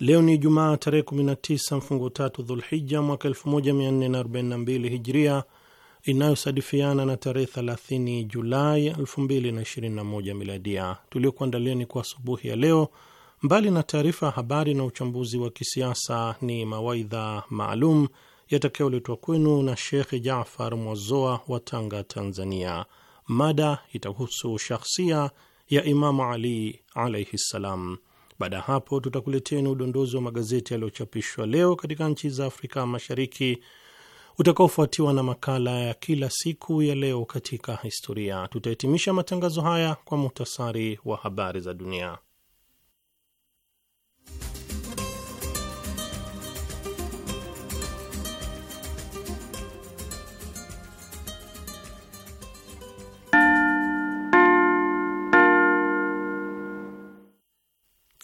Leo ni Jumaa tarehe 19 mfungo tatu Dhulhija mwaka 1442 Hijria, inayosadifiana na tarehe 30 Julai 2021 Miladia. ni kwa asubuhi ya leo, mbali na taarifa ya habari na uchambuzi wa kisiasa, ni mawaidha maalum yatakayoletwa kwenu na shekhe Jafar Mwazoa wa Tanga, Tanzania. Mada itahusu shakhsia ya Imamu Ali alaihi ssalam. Baada ya hapo, tutakuleteni udondozi wa magazeti yaliyochapishwa leo katika nchi za Afrika Mashariki utakaofuatiwa na makala ya kila siku ya leo katika historia. Tutahitimisha matangazo haya kwa muhtasari wa habari za dunia.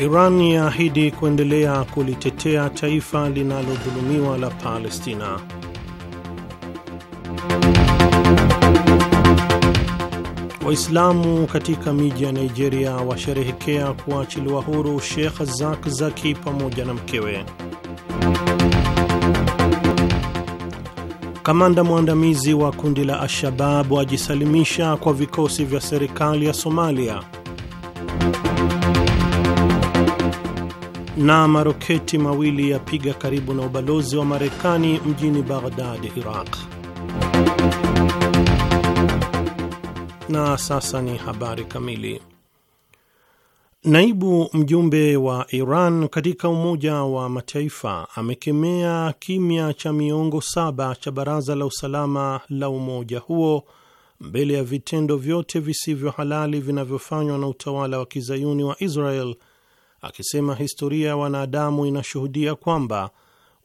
Iran yaahidi kuendelea kulitetea taifa linalodhulumiwa la Palestina. Waislamu katika miji ya Nigeria washerehekea kuachiliwa huru Sheikh Zak Zaki pamoja na mkewe. Kamanda mwandamizi wa kundi la Al-Shabab wajisalimisha kwa vikosi vya serikali ya Somalia na maroketi mawili yapiga karibu na ubalozi wa Marekani mjini Baghdad, Iraq. Na sasa ni habari kamili. Naibu mjumbe wa Iran katika Umoja wa Mataifa amekemea kimya cha miongo saba cha Baraza la Usalama la umoja huo mbele ya vitendo vyote visivyo halali vinavyofanywa na utawala wa kizayuni wa Israel akisema historia ya wanadamu inashuhudia kwamba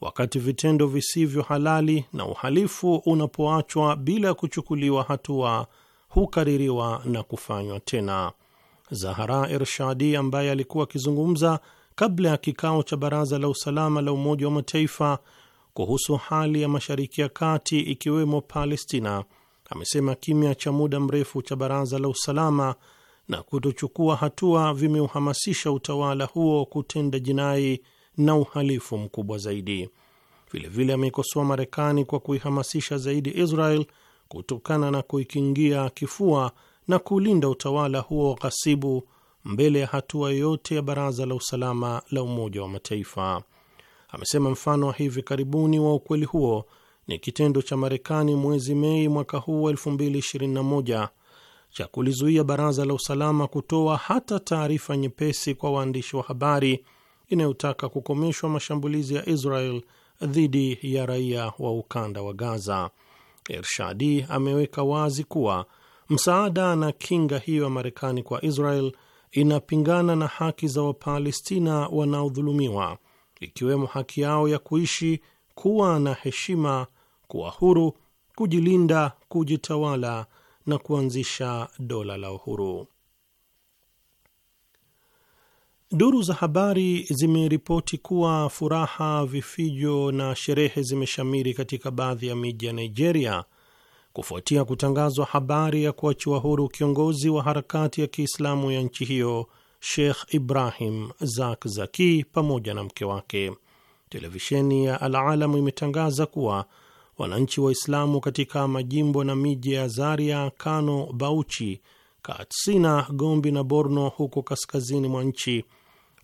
wakati vitendo visivyo halali na uhalifu unapoachwa bila ya kuchukuliwa hatua hukaririwa na kufanywa tena. Zahara Ershadi ambaye alikuwa akizungumza kabla ya kikao cha Baraza la Usalama la Umoja wa Mataifa kuhusu hali ya Mashariki ya Kati ikiwemo Palestina amesema kimya cha muda mrefu cha Baraza la Usalama na kutochukua hatua vimeuhamasisha utawala huo kutenda jinai na uhalifu mkubwa zaidi. Vilevile ameikosoa Marekani kwa kuihamasisha zaidi Israel kutokana na kuikingia kifua na kulinda utawala huo ghasibu mbele ya hatua yoyote ya Baraza la Usalama la Umoja wa Mataifa. Amesema mfano wa hivi karibuni wa ukweli huo ni kitendo cha Marekani mwezi Mei mwaka huu wa 2021 cha kulizuia baraza la usalama kutoa hata taarifa nyepesi kwa waandishi wa habari inayotaka kukomeshwa mashambulizi ya Israel dhidi ya raia wa ukanda wa Gaza. Ershadi ameweka wazi kuwa msaada na kinga hiyo ya Marekani kwa Israel inapingana na haki za Wapalestina wanaodhulumiwa, ikiwemo haki yao ya kuishi, kuwa na heshima, kuwa huru, kujilinda, kujitawala na kuanzisha dola la uhuru. Duru za habari zimeripoti kuwa furaha, vifijo na sherehe zimeshamiri katika baadhi ya miji ya Nigeria kufuatia kutangazwa habari ya kuachiwa huru kiongozi wa harakati ya Kiislamu ya nchi hiyo Sheikh Ibrahim zak zaki pamoja na mke wake. Televisheni ya Al Alamu imetangaza kuwa wananchi Waislamu katika majimbo na miji ya Zaria, Kano, Bauchi, Katsina, gombi na Borno huko kaskazini mwa nchi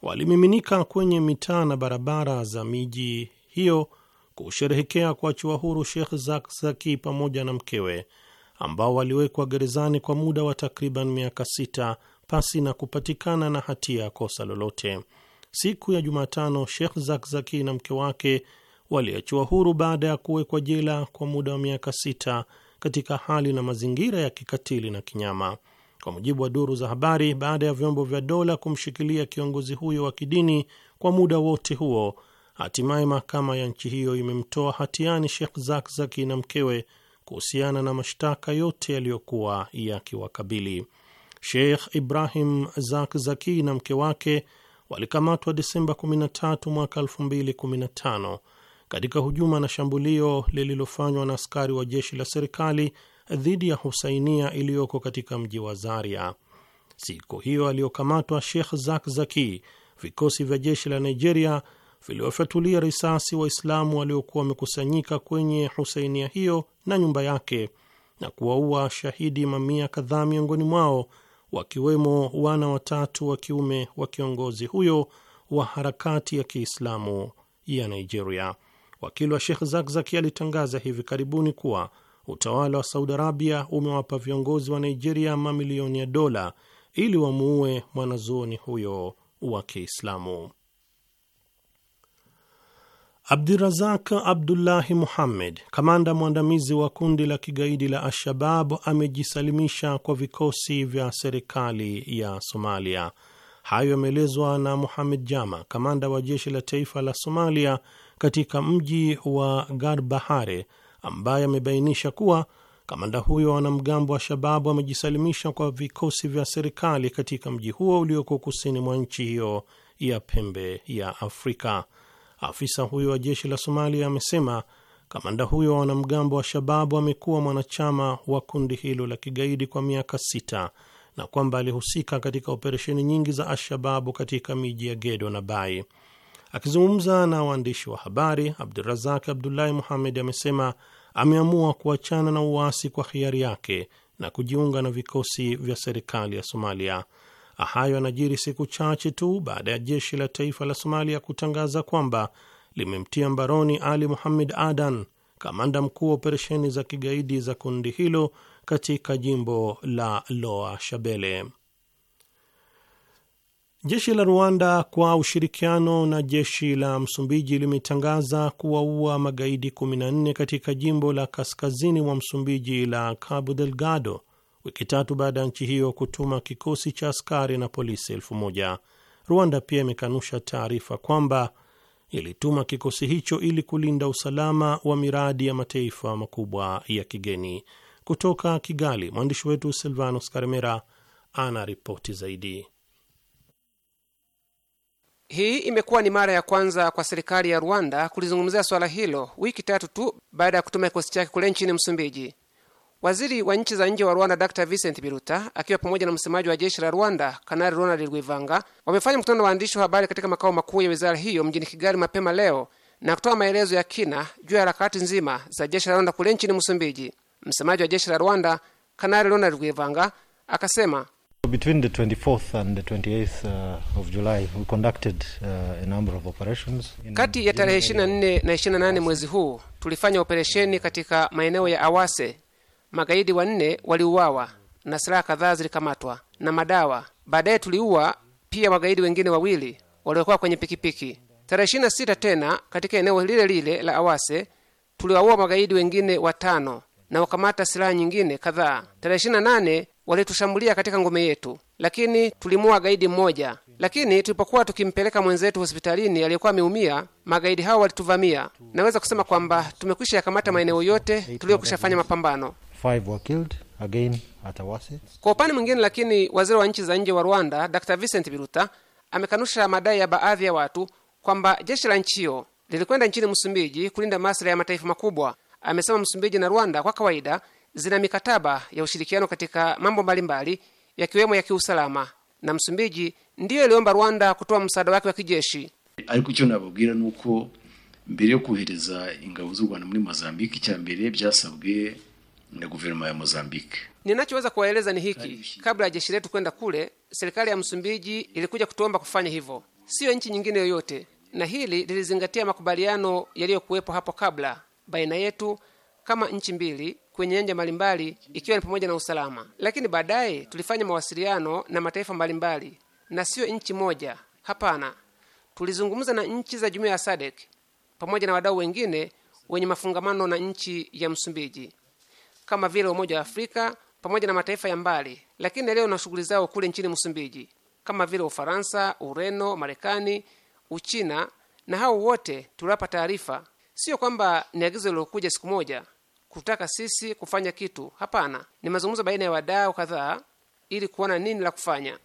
walimiminika kwenye mitaa na barabara za miji hiyo kusherehekea kuachiwa huru shekh Zakzaki pamoja na mkewe ambao waliwekwa gerezani kwa muda wa takriban miaka sita pasi na kupatikana na hatia ya kosa lolote. Siku ya Jumatano, shekh Zakzaki na mke wake waliachiwa huru baada ya kuwekwa jela kwa muda wa miaka sita katika hali na mazingira ya kikatili na kinyama. Kwa mujibu wa duru za habari, baada ya vyombo vya dola kumshikilia kiongozi huyo wa kidini kwa muda wote huo, hatimaye mahakama ya nchi hiyo imemtoa hatiani Sheikh Zakzaki na mkewe kuhusiana na mashtaka yote yaliyokuwa yakiwakabili. Sheikh Ibrahim Zakzaki na mke wake walikamatwa Desemba 13 mwaka 2015 katika hujuma na shambulio lililofanywa na askari wa jeshi la serikali dhidi ya Husainia iliyoko katika mji wa Zaria. Siku hiyo aliyokamatwa Sheikh Zakzaki, vikosi vya jeshi la Nigeria viliwafyatulia risasi Waislamu waliokuwa wamekusanyika kwenye Husainia hiyo na nyumba yake na kuwaua shahidi mamia kadhaa miongoni mwao wakiwemo wana watatu wa kiume wa kiongozi huyo wa harakati ya Kiislamu ya Nigeria. Wakili wa Sheikh Zakzaki alitangaza hivi karibuni kuwa utawala wa Saudi Arabia umewapa viongozi wa Nigeria mamilioni ya dola ili wamuue mwanazuoni huyo wa Kiislamu. Abdirazak Abdullahi Muhammed, kamanda mwandamizi wa kundi la kigaidi la Al-Shabab, amejisalimisha kwa vikosi vya serikali ya Somalia. Hayo yameelezwa na Muhamed Jama, kamanda wa jeshi la taifa la Somalia katika mji wa Garbahare, ambaye amebainisha kuwa kamanda huyo wanamgambo wa Shababu amejisalimisha kwa vikosi vya serikali katika mji huo ulioko kusini mwa nchi hiyo ya pembe ya Afrika. Afisa huyo wa jeshi la Somalia amesema kamanda huyo wa wanamgambo wa Shababu amekuwa mwanachama wa kundi hilo la kigaidi kwa miaka sita na kwamba alihusika katika operesheni nyingi za Alshababu katika miji ya Gedo na Bai. Akizungumza na waandishi wa habari, Abdurazak Abdullahi Muhamed amesema ameamua kuachana na uasi kwa hiari yake na kujiunga na vikosi vya serikali ya Somalia. Hayo anajiri siku chache tu baada ya jeshi la taifa la Somalia kutangaza kwamba limemtia mbaroni Ali Muhamed Adan, kamanda mkuu wa operesheni za kigaidi za kundi hilo katika jimbo la Loa Shabele. Jeshi la Rwanda kwa ushirikiano na jeshi la Msumbiji limetangaza kuwaua magaidi 14 katika jimbo la kaskazini mwa Msumbiji la Cabo Delgado, wiki tatu baada ya nchi hiyo kutuma kikosi cha askari na polisi elfu moja. Rwanda pia imekanusha taarifa kwamba ilituma kikosi hicho ili kulinda usalama wa miradi ya mataifa makubwa ya kigeni. Kutoka Kigali, mwandishi wetu Silvanos Karemera ana ripoti zaidi. Hii imekuwa ni mara ya kwanza kwa serikali ya Rwanda kulizungumzia swala hilo wiki tatu tu baada ya kutuma kikosi chake kule nchini Msumbiji. Waziri wa nchi za nje wa Rwanda Dr Vincent Biruta akiwa pamoja na msemaji wa jeshi la Rwanda Kanali Ronald Rwivanga wamefanya mkutano na waandishi wa habari katika makao makuu ya wizara hiyo mjini Kigali mapema leo na kutoa maelezo ya kina juu ya harakati nzima za jeshi la Rwanda kule nchini Msumbiji. Msemaji wa jeshi la Rwanda Kanali Ronald Rwivanga akasema Between the 24th and the 28th uh, of July we conducted uh, a number of operations. Kati ya tarehe 24 na 28 mwezi huu tulifanya operesheni katika maeneo ya Awase. Magaidi wanne waliuawa na silaha kadhaa zilikamatwa na madawa. Baadaye tuliua pia magaidi wengine wawili waliokuwa kwenye pikipiki. Tarehe 26 tena katika eneo lile lile la Awase tuliwaua magaidi wengine watano na wakamata silaha nyingine kadhaa. Tarehe 28 walitushambulia katika ngome yetu, lakini tulimua gaidi mmoja. Lakini tulipokuwa tukimpeleka mwenzetu hospitalini aliyekuwa ameumia, magaidi hao walituvamia. Naweza kusema kwamba tumekwisha yakamata maeneo yote tuliyokwisha fanya mapambano. Kwa upande mwingine, lakini waziri wa nchi za nje wa Rwanda Dr Vincent Biruta amekanusha madai ya baadhi ya watu kwamba jeshi la nchi hiyo lilikwenda nchini Msumbiji kulinda maslahi ya mataifa makubwa. Amesema Msumbiji na Rwanda kwa kawaida zina mikataba ya ushirikiano katika mambo mbalimbali yakiwemo ya kiusalama, na Msumbiji ndiyo iliomba Rwanda kutoa msaada wake wa kijeshi. ariko icyo nababwira ni uko mbere yo kohereza ingabo z'u Rwanda muri Mozambique icya mbere byasabwe na guverinoma ya Mozambique. Ninachoweza kuwaeleza ni hiki: kabla ya jeshi letu kwenda kule, serikali ya Msumbiji ilikuja kutuomba kufanya hivyo, siyo nchi nyingine yoyote, na hili lilizingatia makubaliano yaliyokuwepo hapo kabla baina yetu kama nchi mbili kwenye nyanja mbalimbali ikiwa ni pamoja na usalama, lakini baadaye tulifanya mawasiliano na mataifa mbalimbali na siyo nchi moja. Hapana, tulizungumza na nchi za jumuiya ya SADC pamoja na wadau wengine wenye mafungamano na nchi ya Msumbiji kama vile Umoja wa Afrika pamoja na mataifa ya mbali, lakini leo na shughuli zao kule nchini Msumbiji kama vile Ufaransa, Ureno, Marekani, Uchina, na hao wote tuliwapa taarifa. Sio kwamba ni agizo lilokuja siku moja, kutaka sisi kufanya kitu. Hapana, ni mazungumzo baina ya wadau kadhaa ili kuona nini la kufanya.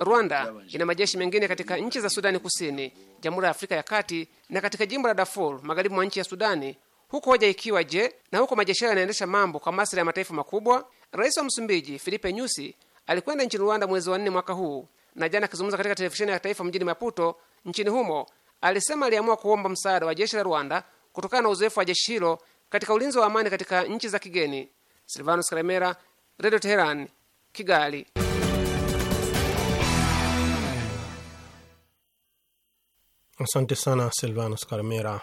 Rwanda ina majeshi mengine katika nchi za Sudani Kusini, Jamhuri ya Afrika ya Kati na katika jimbo la Darfur magharibi mwa nchi ya Sudani, huku hoja ikiwa je, na huko majeshi hayo yanaendesha mambo kwa maslahi ya mataifa makubwa. Rais wa Msumbiji Filipe Nyusi alikwenda nchini Rwanda mwezi wa nne mwaka huu, na jana akizungumza katika televisheni ya taifa mjini Maputo nchini humo, alisema aliamua kuomba msaada wa jeshi la Rwanda kutokana na uzoefu wa jeshi hilo katika ulinzi wa amani katika nchi za kigeni. Silvanus Karemera, redio Teheran, Kigali. Asante sana Silvanus Karemera.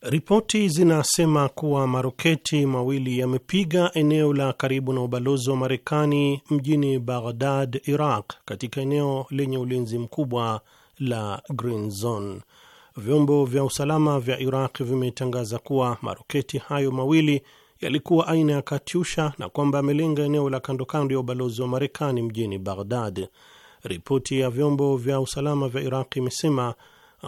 Ripoti zinasema kuwa maroketi mawili yamepiga eneo la karibu na ubalozi wa Marekani mjini Baghdad, Iraq, katika eneo lenye ulinzi mkubwa la Green Zone. Vyombo vya usalama vya Iraq vimetangaza kuwa maroketi hayo mawili yalikuwa aina ya Katyusha na kwamba amelenga eneo la kando kando ya ubalozi wa Marekani mjini Baghdad. Ripoti ya vyombo vya usalama vya Iraq imesema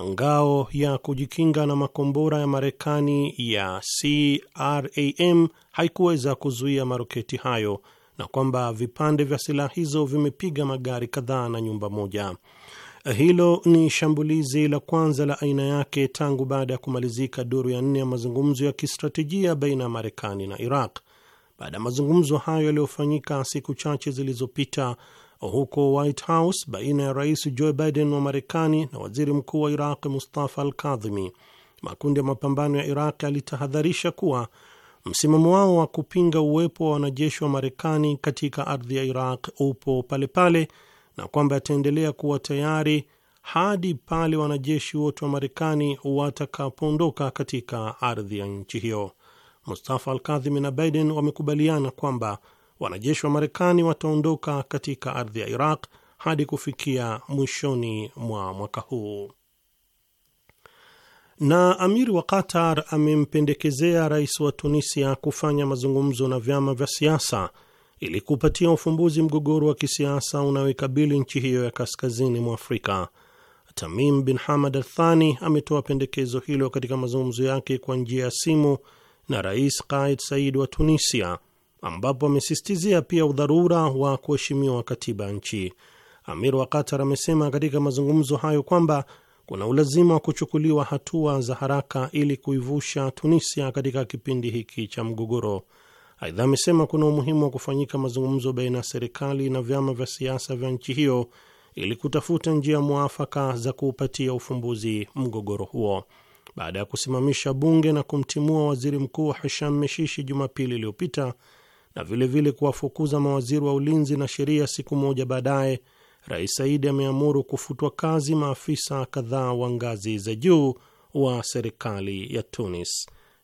ngao ya kujikinga na makombora ya Marekani ya CRAM haikuweza kuzuia maroketi hayo na kwamba vipande vya silaha hizo vimepiga magari kadhaa na nyumba moja. Hilo ni shambulizi la kwanza la aina yake tangu baada ya kumalizika duru ya nne ya mazungumzo ya kistratejia baina ya Marekani na Iraq. Baada ya mazungumzo hayo yaliyofanyika siku chache zilizopita huko White House baina ya Rais Joe Biden wa Marekani na Waziri Mkuu wa Iraq Mustafa Al-Kadhimi, makundi ya mapambano ya Iraq yalitahadharisha kuwa msimamo wao wa kupinga uwepo wa wanajeshi wa Marekani katika ardhi ya Iraq upo palepale pale na kwamba yataendelea kuwa tayari hadi pale wanajeshi wote wa Marekani watakapoondoka katika ardhi ya nchi hiyo. Mustafa Alkadhimi na Biden wamekubaliana kwamba wanajeshi wa Marekani wataondoka katika ardhi ya Iraq hadi kufikia mwishoni mwa mwaka huu. Na amir wa Qatar amempendekezea rais wa Tunisia kufanya mazungumzo na vyama vya siasa ili kupatia ufumbuzi mgogoro wa kisiasa unaoikabili nchi hiyo ya kaskazini mwa Afrika. Tamim bin Hamad Althani ametoa pendekezo hilo katika mazungumzo yake kwa njia ya simu na Rais Kaid said wa Tunisia, ambapo amesistizia pia udharura wa kuheshimiwa katiba ya nchi. Amir wa Qatar amesema katika mazungumzo hayo kwamba kuna ulazima wa kuchukuliwa hatua za haraka ili kuivusha Tunisia katika kipindi hiki cha mgogoro. Aidha, amesema kuna umuhimu wa kufanyika mazungumzo baina ya serikali na vyama vya siasa vya nchi hiyo ili kutafuta njia mwafaka za kuupatia ufumbuzi mgogoro huo. Baada ya kusimamisha bunge na kumtimua waziri mkuu Hisham Meshishi Jumapili iliyopita na vilevile kuwafukuza mawaziri wa ulinzi na sheria siku moja baadaye, Rais Saidi ameamuru kufutwa kazi maafisa kadhaa wa ngazi za juu wa serikali ya Tunis.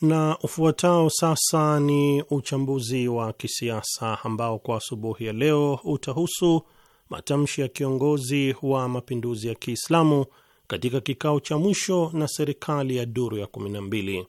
Na ufuatao sasa ni uchambuzi wa kisiasa ambao kwa asubuhi ya leo utahusu matamshi ya kiongozi wa mapinduzi ya Kiislamu katika kikao cha mwisho na serikali ya duru ya na mbili.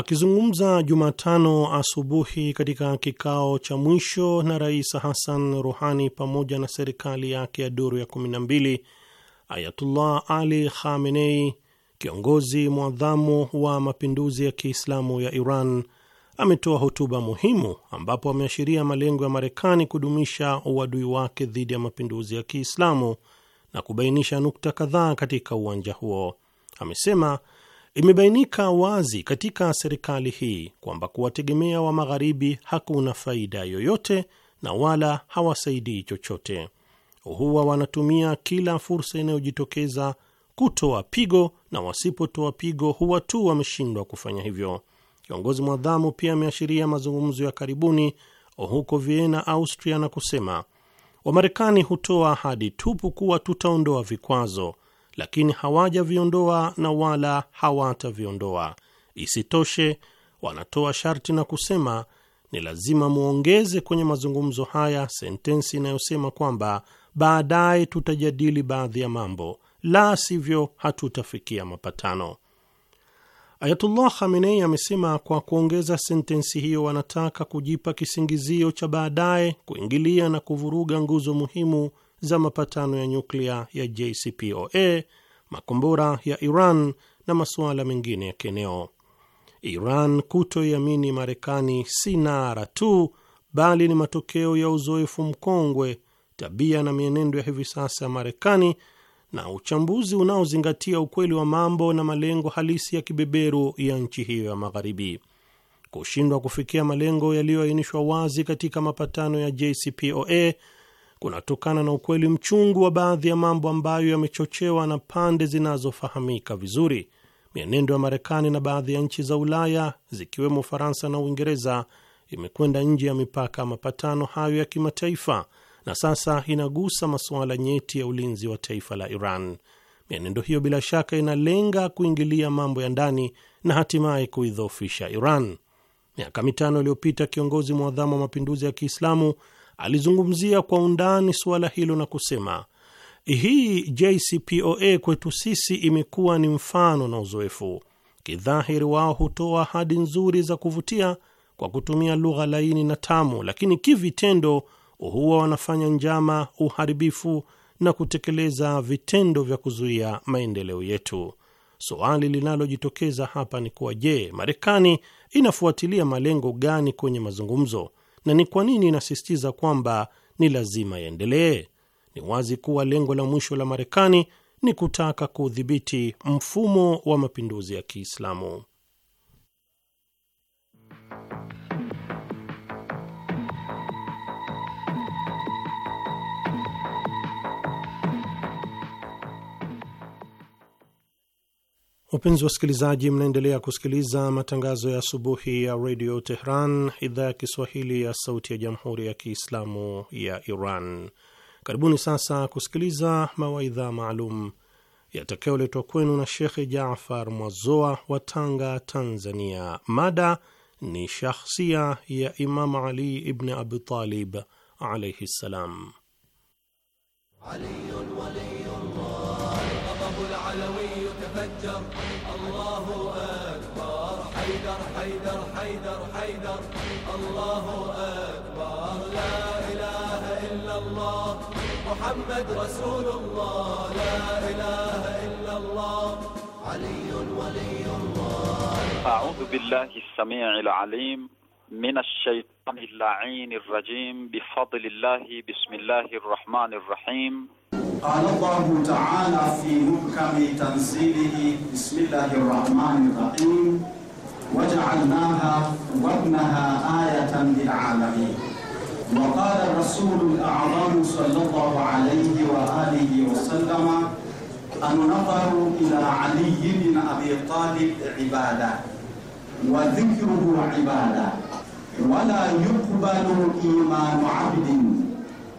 Akizungumza Jumatano asubuhi katika kikao cha mwisho na Rais Hassan Ruhani pamoja na serikali yake ya duru ya mbili, Ayatullah Ali Khamenei, kiongozi mwadhamu wa mapinduzi ya Kiislamu ya Iran, ametoa hotuba muhimu ambapo ameashiria malengo ya Marekani kudumisha uadui wake dhidi ya mapinduzi ya Kiislamu na kubainisha nukta kadhaa katika uwanja huo. Amesema Imebainika wazi katika serikali hii kwamba kuwategemea wa magharibi hakuna faida yoyote na wala hawasaidii chochote. Huwa wanatumia kila fursa inayojitokeza kutoa pigo, na wasipotoa pigo huwa tu wameshindwa kufanya hivyo. Kiongozi mwadhamu pia ameashiria mazungumzo ya karibuni huko Vienna, Austria, na kusema Wamarekani hutoa ahadi tupu kuwa tutaondoa vikwazo lakini hawajaviondoa na wala hawataviondoa. Isitoshe, wanatoa sharti na kusema ni lazima mwongeze kwenye mazungumzo haya sentensi inayosema kwamba baadaye tutajadili baadhi ya mambo, la sivyo hatutafikia mapatano. Ayatullah Khamenei amesema kwa kuongeza sentensi hiyo, wanataka kujipa kisingizio cha baadaye kuingilia na kuvuruga nguzo muhimu za mapatano ya nyuklia ya JCPOA, makombora ya Iran na masuala mengine ya kieneo. Iran kutoiamini Marekani si nara tu, bali ni matokeo ya uzoefu mkongwe, tabia na mienendo ya hivi sasa ya Marekani na uchambuzi unaozingatia ukweli wa mambo na malengo halisi ya kibeberu ya nchi hiyo ya Magharibi. Kushindwa kufikia malengo yaliyoainishwa wazi katika mapatano ya JCPOA kunatokana na ukweli mchungu wa baadhi ya mambo ambayo yamechochewa na pande zinazofahamika vizuri. Mienendo ya Marekani na baadhi ya nchi za Ulaya zikiwemo Faransa na Uingereza imekwenda nje ya mipaka mapatano hayo ya kimataifa na sasa inagusa masuala nyeti ya ulinzi wa taifa la Iran. Mienendo hiyo bila shaka inalenga kuingilia mambo ya ndani na hatimaye kuidhoofisha Iran. Miaka mitano iliyopita, kiongozi mwadhamu wa mapinduzi ya Kiislamu alizungumzia kwa undani suala hilo na kusema hii JCPOA kwetu sisi imekuwa ni mfano na uzoefu. Kidhahiri wao hutoa ahadi nzuri za kuvutia kwa kutumia lugha laini na tamu, lakini kivitendo huwa wanafanya njama, uharibifu na kutekeleza vitendo vya kuzuia maendeleo yetu. Suali linalojitokeza hapa ni kuwa je, Marekani inafuatilia malengo gani kwenye mazungumzo na ni kwa nini inasisitiza kwamba ni lazima iendelee? Ni wazi kuwa lengo la mwisho la Marekani ni kutaka kuudhibiti mfumo wa mapinduzi ya Kiislamu. Wapenzi wasikilizaji, mnaendelea kusikiliza matangazo ya asubuhi ya redio Tehran, idhaa ya Kiswahili ya sauti ya jamhuri ya Kiislamu ya Iran. Karibuni sasa kusikiliza mawaidha maalum yatakayoletwa kwenu na Shekhe Jafar Mwazoa wa Tanga, Tanzania. Mada ni shakhsia ya Imamu Ali ibn Abi Talib alaihi ssalam. حيدر الله أكبر حيدر حيدر حيدر حيدر الله أكبر لا إله إلا الله محمد رسول الله لا إله إلا الله علي ولي الله أعوذ بالله السميع العليم من الشيطان اللعين الرجيم بفضل الله بسم الله الرحمن الرحيم قال الله تعالى في محكم تنزيله بسم الله الرحمن الرحيم وجعلناها وابنها آية للعالمين وقال الرسول الأعظم صلى الله عليه وآله وسلم النظر إلى علي بن أبي طالب عبادة وذكره عبادة ولا يقبل إيمان عبد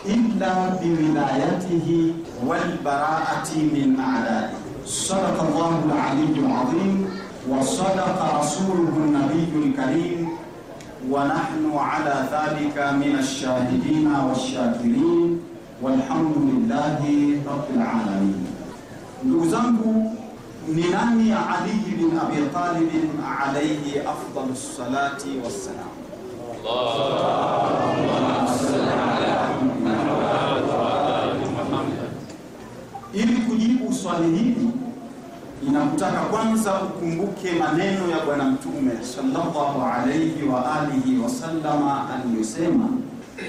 إلا بولايته والبراءة من أعدائه صدق الله العلي العظيم وصدق رسوله النبي الكريم ونحن على ذلك من الشاهدين والشاكرين والحمد لله رب العالمين من أني علي بن أبي طالب عليه أفضل الصلاة والسلام اللهم صل على Ili kujibu swali hili inakutaka kwanza ukumbuke maneno ya Bwana Mtume sallallahu alayhi wa alihi wasallama aliyosema,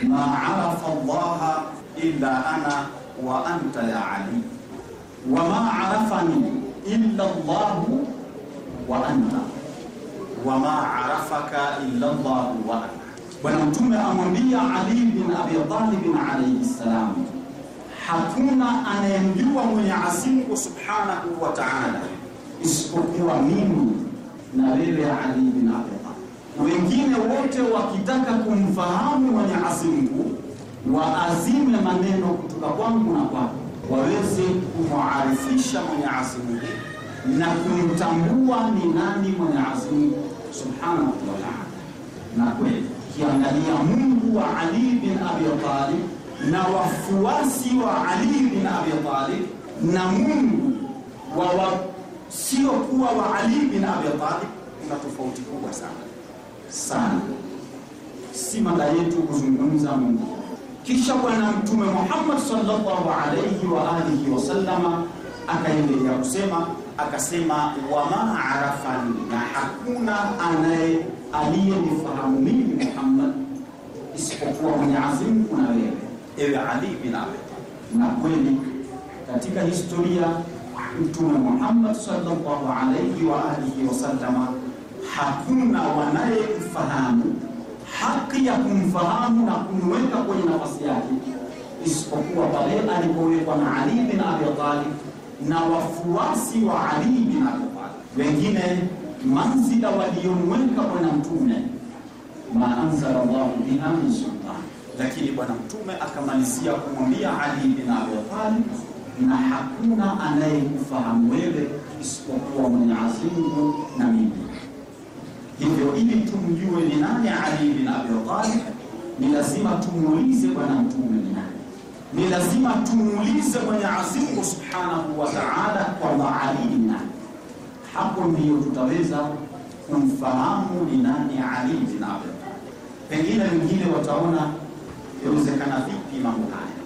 ma arafa llaha illa ana wa anta ya Ali wa ma arafani illa Allahu wa anta wa ma arafaka illa llahu wa anta. Bwana Mtume amwambia Ali bin Abi Talib alayhi salam hakuna anayemjua Mwenyezi Mungu Subhanahu wa Ta'ala isipokuwa mimi na wewe Ali bin Abi Talib. Wengine wote wakitaka kumfahamu Mwenyezi Mungu waazime maneno kutoka kwangu na kwako, waweze kumwarifisha Mwenyezi Mungu na kumtambua ni nani Mwenyezi Mungu Subhanahu wa Ta'ala. Na kweli kiangalia Mungu wa Ali bin Abi Talib na wafuasi wa Ali bin Abi Talib na Mungu wa kuwa wa Ali bin Abi Talib kuna tofauti kubwa sana sana. Si mada yetu kuzungumza Mungu. Kisha Bwana Mtume Muhammad sallallahu alayhi wa alihi sallama akaendelea kusema akasema, ma arafani, na hakuna anaye aliyenifahamu mimi Muhammad isipokuwa Mwenyezi Mungu na wewe ewe Ali bin Abi Talib. Na kweli katika historia Mtume Muhammad sallallahu alayhi wa alihi wasallama hakuna wanayemfahamu haki ya kumfahamu na kumweka kwenye nafasi yake isipokuwa pale alipowekwa na Ali bin Abi Talib na wafuasi wa Ali bin Abi Talib. Wengine manzila waliomweka kwa Mtume, ma anzala Allahu biha min sultani lakini bwana mtume akamalizia kumwambia Ali bin Abi Talib, na hakuna anayekufahamu wewe isipokuwa Mwenyezi Mungu na mimi. Hivyo ili tumjue ni nani Ali bin Abi Talib, ni lazima tumuulize bwana mtume ni nani, ni lazima tumuulize Mwenyezi Mungu subhanahu wa taala kwamba Ali ni nani. Hapo ndiyo tutaweza kumfahamu ni nani Ali bin Abi Talib. Pengine wengine wataona yawezekana vipi mambo haya?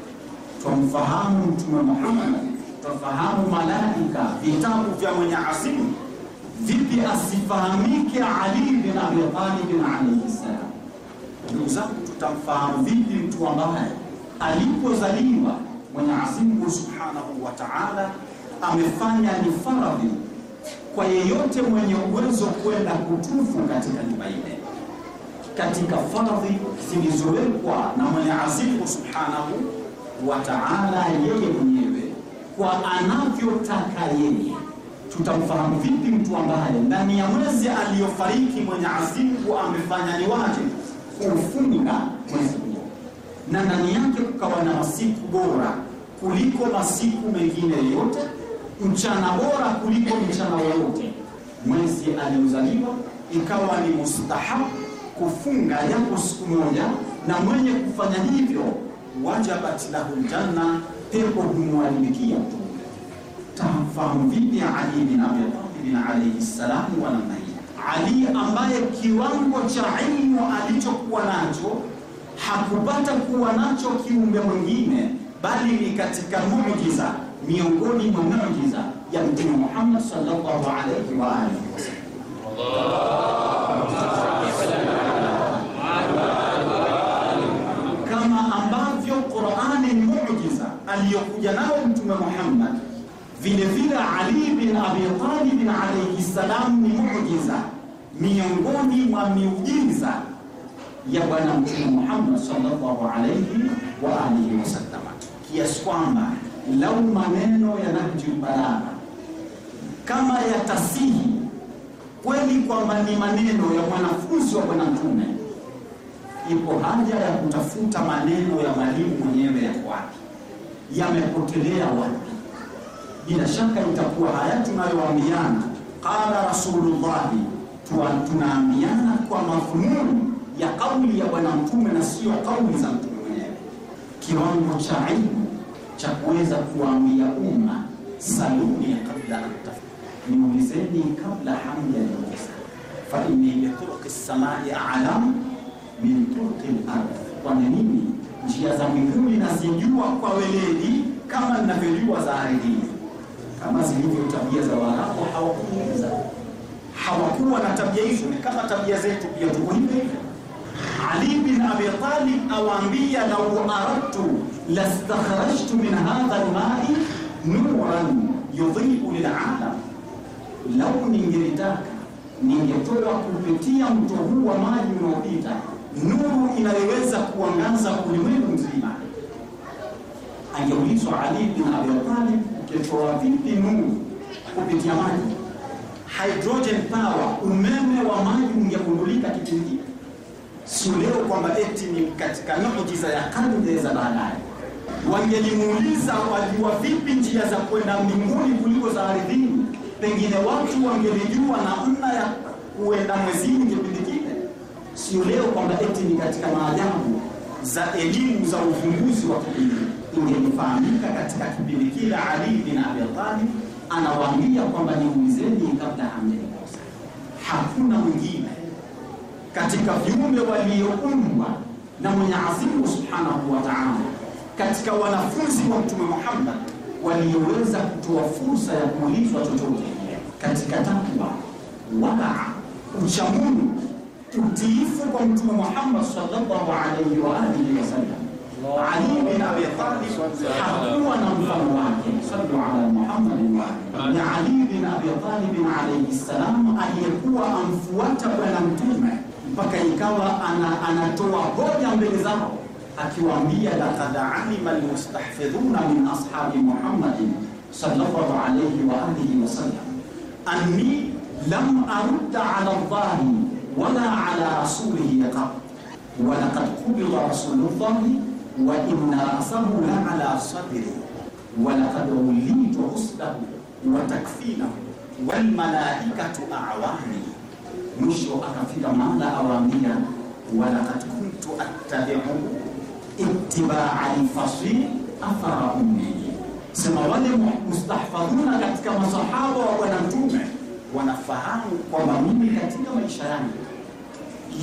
Twamfahamu Mtume Muhammad, twafahamu malaika, vitabu vya mwenye azimu, vipi asifahamike Ali bin abitalib alaihi ssalam Ndugu zangu, tutamfahamu vipi mtu ambaye alipozaliwa mwenye Mungu Subhanahu wa Ta'ala amefanya ni faradhi kwa yeyote mwenye uwezo kwenda kutufu katika nyumba ile katika fardhi zilizowekwa na Mwenyezi Mungu Subhanahu wa Ta'ala yeye mwenyewe kwa anavyotaka yeye. Tutamfahamu vipi mtu ambaye ndani ya mwezi aliyofariki Mwenyezi Mungu amefanya ni wajibu kuufunga mwezi huo, na ndani yake kukawa na masiku bora kuliko masiku mengine yote, mchana bora kuliko mchana wowote, mwezi aliozaliwa ikawa ni mustahabu kufunga yapo siku moja, na mwenye kufanya hivyo wajabat lahu ljanna, pepo humwaribikia tu. Tafahamu vipi Ali bin Abi Talib alayhi salam wa namna hii? Ali ambaye kiwango cha ilmu alichokuwa nacho hakupata kuwa nacho kiumbe mwingine, bali ni katika muujiza miongoni mwa muujiza ya Mtume Muhammad sallallahu alayhi wa alihi wasallam. aliyokuja nao Mtume Muhammad. Vile vile Ali bin Abi Talib alayhi salam ni muujiza miongoni mwa miujiza ya Bwana Mtume Muhammad sallallahu alayhi wa alihi wasallam, kiasi kwamba lau maneno ya Nahjul Balagha kama yatasihi kweli kwamba ni maneno ya mwanafunzi wa Bwana Mtume, ipo haja ya kutafuta maneno ya mwalimu mwenyewe ya kwake yamepotelea wapi? Bila shaka itakuwa haya tunayoambiana, qala rasulullahi, tunaambiana kwa madhumuni ya kauli ya Bwana Mtume na sio kauli za mtume mwenyewe. Kiwango cha ilmu cha kuweza kuambia umma saluni ya kabla antafika, niulizeni kabla hamjaniuliza. fa inni li turuqi samai alam min turuqi al-ardh, kwa nini njia za mbinguni nazijua kwa weledi kama ninavyojua za ardhi. Kama zilivyo tabia za Waarabu, hawakuweza hawakuwa na tabia hizo, ni kama tabia zetu pia tuko hivyo. Ali bin Abi Talib awaambia, lau aradtu lastakhrajtu min hadha almai nuran yudhiu lilalam, lau ningelitaka ningetoa kupitia mto huu wa maji unaopita nuru inayoweza kuangaza ulimwengu mzima. Angeulizwa Ali bin Abi Talib, ukitoa vipi nuru kupitia maji, hydrogen power, umeme wa maji ungegundulika kipindi sio leo kwamba eti ni katika miujiza ya karne za baadaye. Wangelimuuliza wajua vipi njia za kwenda mbinguni kuliko za ardhini, pengine watu wangelijua namna ya kuenda mwezini kipindi sio leo kwamba eti ni katika maajabu za elimu za uvumbuzi wa kidini. Ingefahamika katika kipindi kile Ali bin Abi Talib anawaambia kwamba niulizeni kabla hamjanikosa. Hakuna mwingine katika viumbe walioumbwa na Mwenyezi Mungu Subhanahu wa Ta'ala, katika wanafunzi wa Mtume Muhammad walioweza kutoa fursa ya kuulizwa chochote katika takwa, wakaa, uchamungu تضيف بنت محمد صلى الله عليه وآله وسلم علي بن أبي طالب حقوا ننفر عنه صلوا على محمد وآله لعلي بن أبي طالب عليه السلام aliyekuwa amfuata bwana mtume mpaka ikawa ana, anatoa hoja mbele zao akiwaambia lakad alima almustahfidhuna min ashabi muhammadin sallallahu alayhi wa alihi wasallam anni lam arudda ala ldhahiri wala ala rasulihi yaqab walaqad qubida rasulullahi wa inna rasahu la ala sadri walaqad wulitu ruslahu wa takfinahu walmalaikatu awani. Mwisho akafika mahala awaambia, walaqad kuntu attabiu ittibaa lfasih athara ummi, sema wale mustahfadhuna katika masahaba wa Bwana Mtume wanafahamu kwamba mimi katika maisha yangu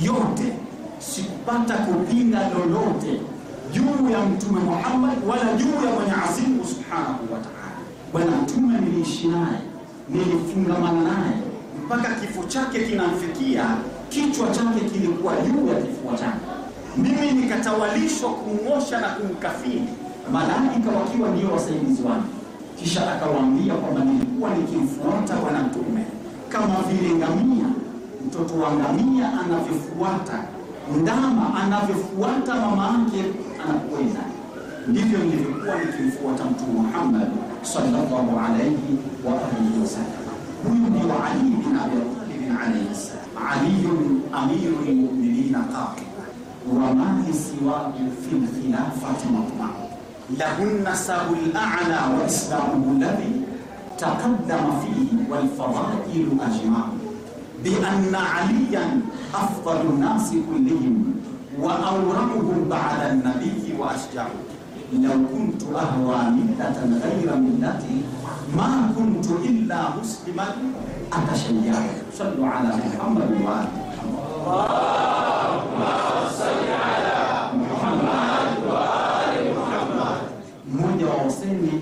yote, sikupata kupinga lolote juu ya Mtume Muhammad wala juu ya Mwenyezi Mungu Subhanahu wa Ta'ala. Bwana Mtume niliishi naye, nilifungamana naye mpaka kifo chake kinamfikia, kichwa chake kilikuwa juu ya kifua chake. Mimi nikatawalishwa kumng'osha na kumkafini, malaika wakiwa ndio wasaidizi wangu. Kisha akawaambia kwamba nilikuwa nikimfuata Bwana Mtume kama vile ngamia mtoto wa ngamia anavyofuata ndama anavyofuata mama yake anakwenda. Ndivyo nilivyokuwa nikimfuata Mtume Muhammad sallallahu alayhi wa alihi wasallam. Huyu ndio Ali bin Abi Talib alayhi salam, aliyun amirul muminina qaqib wa ma siwahu fi lkhilafati matmau lahunna sabu lala wa ladhi taqaddama fihi walfadailu ajmau بأن عليا أفضل الناس كلهم وأورمهم بعد النبي وأشجعه لو كنت أهوى ملة غير ملتي ما كنت إلا مسلما أتشيع صلوا على محمد وآل اللهم صل على محمد وآل محمد mmoja wa Huseni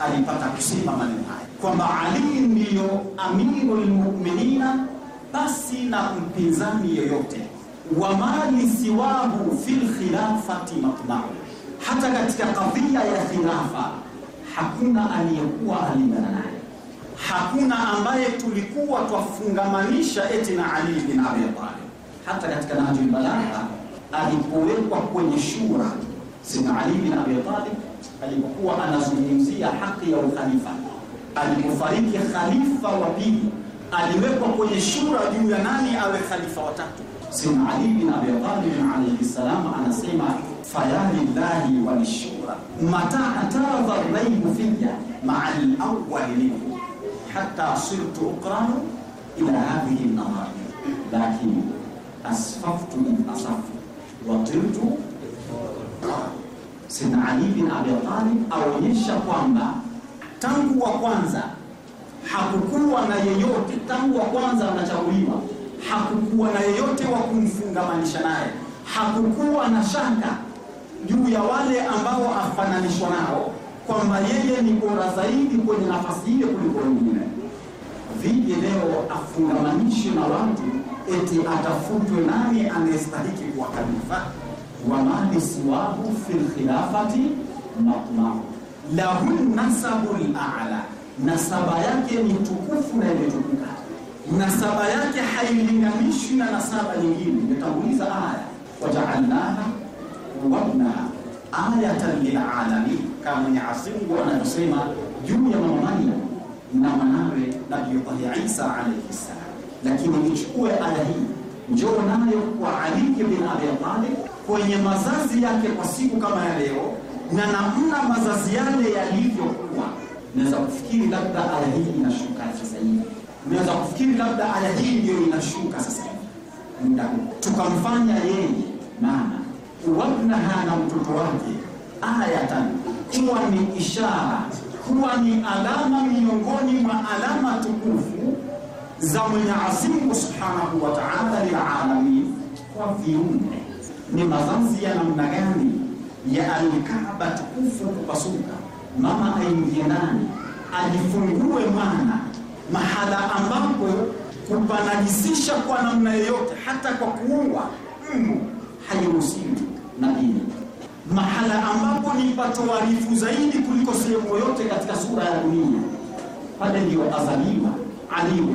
alipata kusema maneno haya kwamba Ali ndiyo basi na mpinzani yoyote wa mali siwahu fil khilafati matmau hata katika kadhia ya khilafa hakuna aliyekuwa alingana naye, hakuna ambaye tulikuwa twafungamanisha eti na Ali bin Abi Talib. Hata katika Nahjul Balagha alipowekwa kwenye shura, sina Ali bin Abi Talib alipokuwa anazungumzia haki ya ukhalifa, alipofariki khalifa wa pili aliwekwa kwenye shura juu ya nani awe khalifa watatu. Sina Ali bin Abi Talib alayhi salam anasema fala lillahi wa lishura mata taradha laibu fiya maa lawali minhu hata sirtu uqranu ila hadhihi nahar lakini asfaftu in asaftu watiltu Sina Ali bin Abi Talib aonyesha kwamba tangu wa kwanza hakukuwa na yeyote tangu wa kwanza anachaguliwa, hakukuwa na yeyote wa kumfungamanisha naye, hakukuwa na shaka juu ya wale ambao afananishwa nao kwamba yeye ni bora zaidi kwenye nafasi hiyo kuliko wengine. Vipi leo afungamanishwe na watu eti atafutwe nani anayestahiki kuwa khalifa? wa mali siwahu fi lkhilafati matmau lahu nasabu lala nasaba yake ni tukufu na imetukuka. Nasaba yake hailinganishwi na nasaba nyingine. Nitanguliza aya wajaalnaha wabna ayatan lilalamin, kama mwenye asimu anayosema juu ya mama Maryam na mwanawe Nabiyullahi Isa alayhi salam. Lakini nichukue aya hii njoo nayo kwa Ali bin Abi Talib kwenye mazazi yake kwa siku kama ya leo na namna mazazi yale yalivyokuwa Unaweza kufikiri labda aya hii inashuka sasa hivi, unaweza kufikiri labda aya hii ndio inashuka sasa hivi muda huu, tukamfanya yeye mama wabnaha, na mtoto wake, ayatan, kuwa ni ishara, kuwa ni alama miongoni mwa alama tukufu za Mwenyezi Mungu Subhanahu wa Ta'ala lilalamin, kwa viumbe. Ni mazanzi ya namna gani ya Alkaaba tukufu kupasuka mama aingie ndani ajifungue mwana mahala ambapo kupanajisisha kwa namna yoyote, hata kwa kuua mmo, hairuhusiwi na dini, mahala ambapo ni patoarifu zaidi kuliko sehemu yoyote katika sura ya dunia. Pale ndiyo azaliwa Ali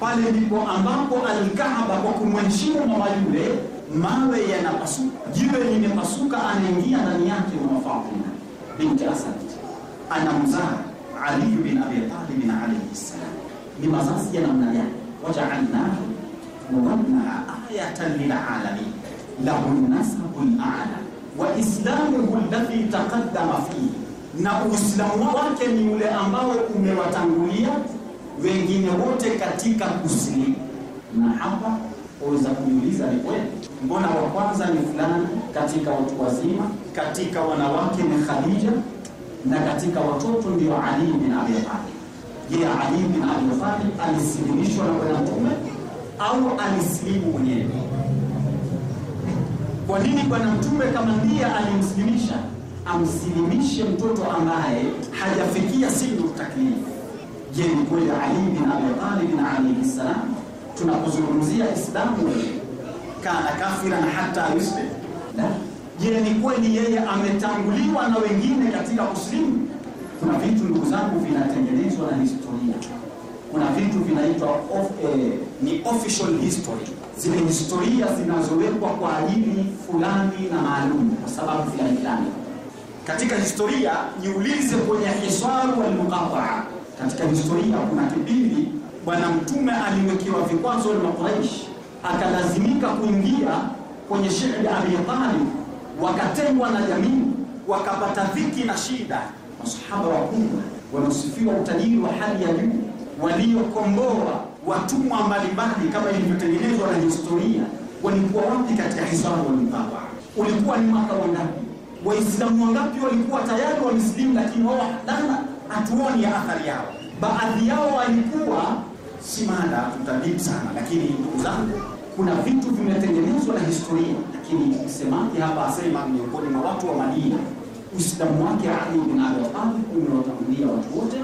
pale ndipo ambapo alikaba kwa kumheshimu mama yule, mawe yanapasuka, jiwe limepasuka, anaingia ndani yake Mama Fatima binti anamzaa Ali bin Abi Talib alayhi salam. Ni mazazi ya namna gani? wajaalnahu mubanaa ayatan lilalamin lahu nasabun ala wa islamuhu alladhi taqaddama fihi, na uislamu wake ni ule ambao umewatangulia wengine wote katika kusilimu. Na hapa waweza kujiuliza, ni kweli, mbona wa kwanza ni fulani katika watu wazima, katika wanawake ni Khadija na katika watoto ndio Ali bin Abi Talib. Je, Ali bin Abi Talib alisilimishwa na bwana mtume au alisilimu mwenyewe? Kwa nini bwana mtume kama ndiye alimsilimisha amsilimishe mtoto ambaye hajafikia sindu taklifu? Je, ni kweli Ali bin Abi Talib alayhi salam, tunapozungumzia Islamu kana na hata yuslim? Je, ni kweli yeye ametanguliwa na wengine katika Uislamu? Kuna vitu ndugu zangu vinatengenezwa na historia. Kuna vitu vinaitwa of, eh, ni official history, zile historia zinazowekwa kwa ajili fulani na maalum kwa sababu fulani fulani. Katika historia niulize kwenye hisaru walmuqataa Katika historia kuna kipindi Bwana Mtume aliwekewa vikwazo na Quraysh, akalazimika kuingia kwenye shiri Abi Talib wakatengwa na jamii, wakapata dhiki na shida. Masahaba wakubwa wanaosifiwa utajiri wa hali ya juu, waliokomboa watumwa mbalimbali kama ilivyotengenezwa na historia. Walikuwa wapi katika hisabu walipapa? Ulikuwa ni mwaka wangapi? Waislamu wangapi walikuwa tayari wamesilimu, lakini wao dana hatuoni ya athari yao. Baadhi yao walikuwa si mada tutadibu sana, lakini ndugu zangu kuna vitu vimetengenezwa na historia, lakini msemaji hapa asema miongoni mwa watu wa Madina Uislamu wake Ali bin abitali Talib umewatangulia watu wote,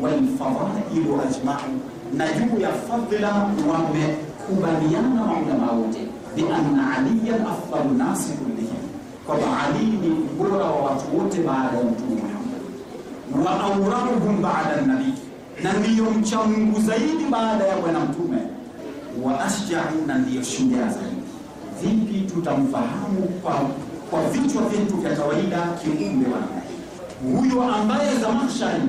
walfadhailu ajmau, na juu ya fadhila wamekubaliana maulama wote bi anna aliyan afdalu nasi kullihim, kwamba Ali ni bora wa watu wote baada ya Mtume Muhammad, wa aurabuhum bada nabii, na ndiyo mcha Mungu zaidi baada ya Bwana Mtume wa ashjau, na ndiyo shujaa zaidi. Vipi tutamfahamu kwa, kwa vichwa vyetu vya kawaida kiumbe wa namna hii? Huyo ambaye Zamakhshari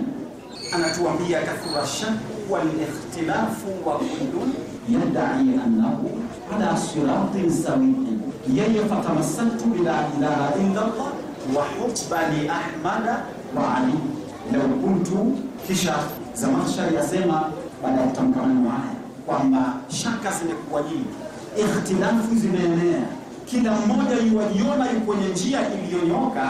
anatuambia kathura shaku wal ikhtilafu wa kullun yadai annahu ala siratin sawiin, yeye fatamassaltu bila ilaha illa Allah wa hutba li Ahmada wa Ali lau kuntu. Kisha Zamakhshari asema baada ya kutamka maneno haya kwamba shaka zimekuwa nyingi, ikhtilafu zimeenea, kila mmoja yuwajiona yu kwenye njia iliyonyoka.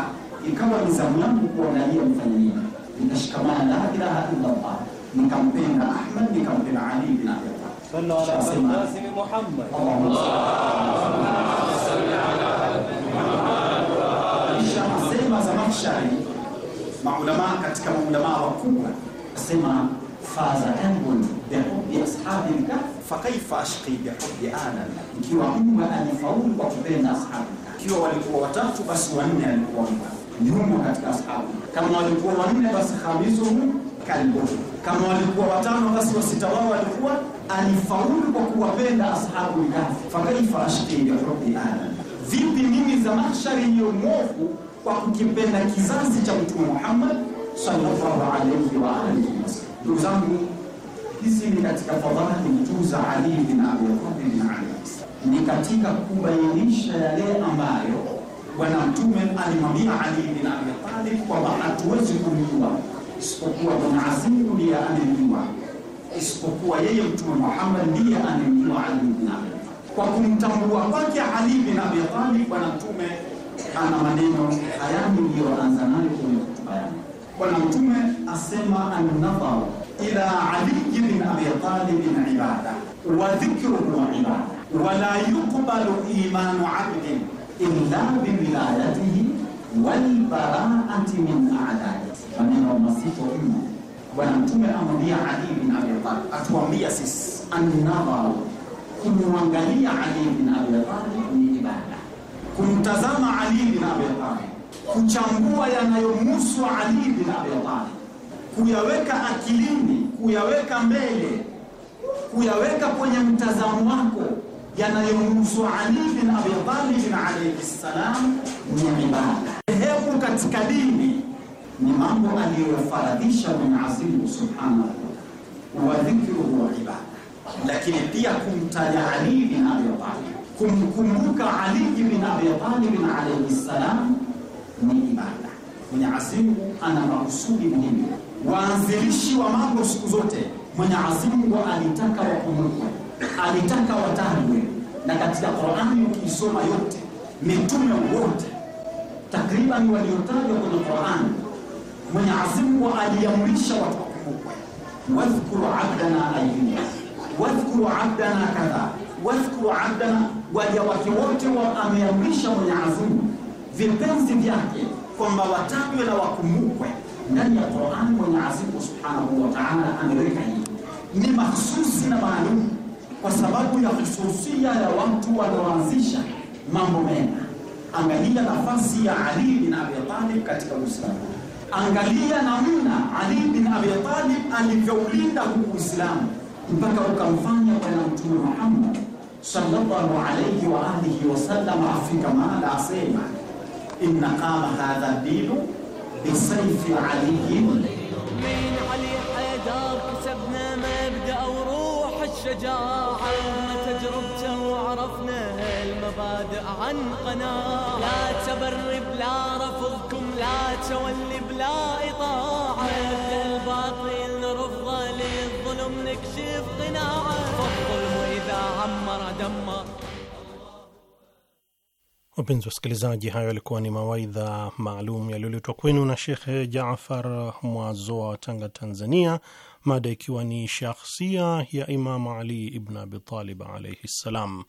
Ikawa ni zamu yangu kuangalia nifanye nini. Nikashikamana la ilaha illa Allah, nikampenda Ahmad, nikampenda Ali bin Abi Talib Shasema Zamakhshari, maulamaa katika maulamaa wakubwa asema fazatangun bihubi ashabi lkafi fakaifa ashqi bihubi anan, ikiwa umma alifaulu kwa kupenda ashabi ikiwa walikuwa watatu basi wanne alikuwa nyuma katika ashabu. Kama walikuwa wanne basi khamisuhum kalbuhu, kama walikuwa watano basi wasita wao walikuwa alifaulu kwa kuwapenda ashabu lkafi. Fakaifa ashqi bihubi anan, vipi mimi Zamakhshari niyo mwovu kwa kukipenda kizazi cha Mtume Muhammad sallallahu alayhi wa alihi wasallam? Ndugu zangu, hizi ni katika fadhali juu za Ali bin Abi Talib alayhi ni katika kubainisha yale ambayo Bwana Mtume alimwambia Ali bin Abi Talib kwamba hatuwezi kumjua isipokuwa Bwana Azimu ndiye anayemjua, isipokuwa yeye Mtume Muhammad ndiye anayemjua Ali bin Abi Talib. Kwa kumtambua kwake Ali bin Abi Talib, Bwana Mtume ana maneno hayani ndiyo nayo kwenye hotuba Bwana Mtume asema annadharu ila Ali bin Abi Talib ibada wa dhikruhu ibada wala yuqbalu imanu abdin illa biwilayatihi walbaraati min adai. Maneno mazito mno. Bwana Mtume amwambia Ali bin Abi Talib, atuambia sisi annadharu, kumwangalia Ali bin Abi Talib ni ibada, kumtazama Ali bin Abi Talib kuchambua yanayomhusu Ali bin Abi Talib, kuyaweka akilini, kuyaweka mbele, kuyaweka kwenye mtazamo wako yanayomhusu Ali bin Abi Talib alayhi salam ni ibada. Hebu katika dini ni mambo aliyofaradhisha Mwenyezi Mungu Subhanahu wa dhikruhu ibada, lakini pia kumtaja Ali bin Abi Talib, kumkumbuka Ali bin Abi Talib alayhi salam ni ibada. Mwenyezi Mungu ana makusudi muhimu. Waanzilishi wa mambo siku zote Mwenyezi Mungu alitaka wakumbukwe, alitaka watajwe na katika Qur'ani ukisoma yote mitume wote takriban waliotajwa kwenye Qur'ani Mwenyezi Mungu aliamrisha watu wakumbukwe, wadhkuru abdana ayyuba wadhkuru abdana kadha wadhkuru abdana, waja wake wote wa ameamrisha Mwenyezi Mungu vipenzi vyake kwamba watajwe na wakumbukwe ndani ya Qur'an. Mwenyezi Mungu Subhanahu wa Ta'ala ameweka hii ni mahsusi na maalum kwa sababu ya hususia ya watu wanaoanzisha mambo mema. Angalia nafasi ya Ali bin Abi Talib katika Uislamu, angalia namna Ali bin Abi Talib alivyoulinda huu Uislamu mpaka ukamfanya Bwana Mtume Muhammad sallallahu alayhi wa alihi wasallam afika mahala asema إن قام هذا الدين بسيف علي من علي حيدر كسبنا مبدأ وروح الشجاعة تجربته وعرفنا المبادئ عن قناعة لا تبر بلا رفضكم لا تولي بلا إطاعة الباطل نرفض للظلم نكشف قناعة فالظلم إذا عمر دمر Wapenzi wasikilizaji, hayo yalikuwa ni mawaidha maalum yaliyoletwa kwenu na Shekhe Jafar Mwazoa wa Tanga, Tanzania, mada ikiwa ni shakhsia ya Imamu Ali Ibn Abitalib alaihi ssalam.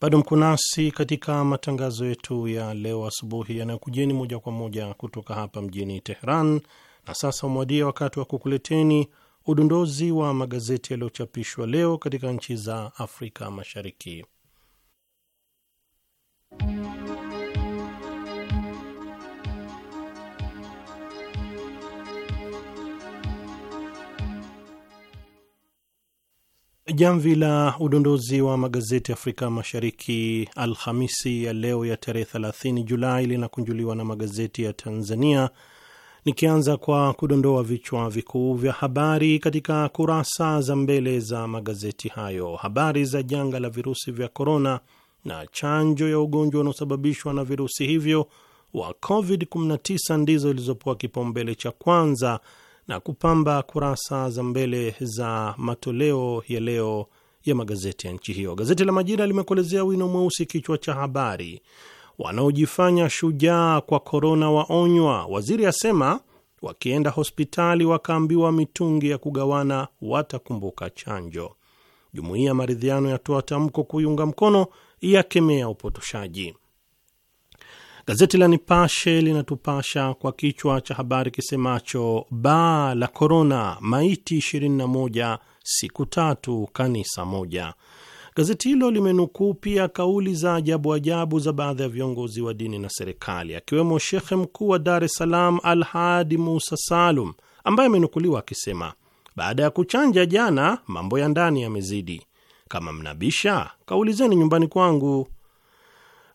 Bado mko nasi katika matangazo yetu ya leo asubuhi yanayokujeni moja kwa moja kutoka hapa mjini Teheran. Na sasa umewadia wakati wa kukuleteni udondozi wa magazeti yaliyochapishwa leo katika nchi za Afrika Mashariki. Jamvi la udondozi wa magazeti Afrika Mashariki Alhamisi ya leo ya tarehe 30 Julai linakunjuliwa na magazeti ya Tanzania, nikianza kwa kudondoa vichwa vikuu vya habari katika kurasa za mbele za magazeti hayo. Habari za janga la virusi vya korona na chanjo ya ugonjwa unaosababishwa na virusi hivyo wa COVID-19 ndizo ilizopoa kipaumbele cha kwanza na kupamba kurasa za mbele za matoleo ya leo ya magazeti ya nchi hiyo. Gazeti la Majira limekuelezea wino mweusi, kichwa cha habari, wanaojifanya shujaa kwa korona waonywa, waziri asema wakienda hospitali wakaambiwa mitungi ya kugawana watakumbuka chanjo. Jumuiya ya Maridhiano yatoa tamko kuiunga mkono yakemea upotoshaji. Gazeti la Nipashe linatupasha kwa kichwa cha habari kisemacho baa la korona, maiti 21 siku tatu kanisa moja. Gazeti hilo limenukuu pia kauli za ajabu ajabu za baadhi ya viongozi wa dini na serikali, akiwemo shekhe mkuu wa Dar es Salaam Al Hadi Musa Salum ambaye amenukuliwa akisema baada ya kuchanja jana mambo ya ndani yamezidi. Kama mnabisha, kaulizeni nyumbani kwangu.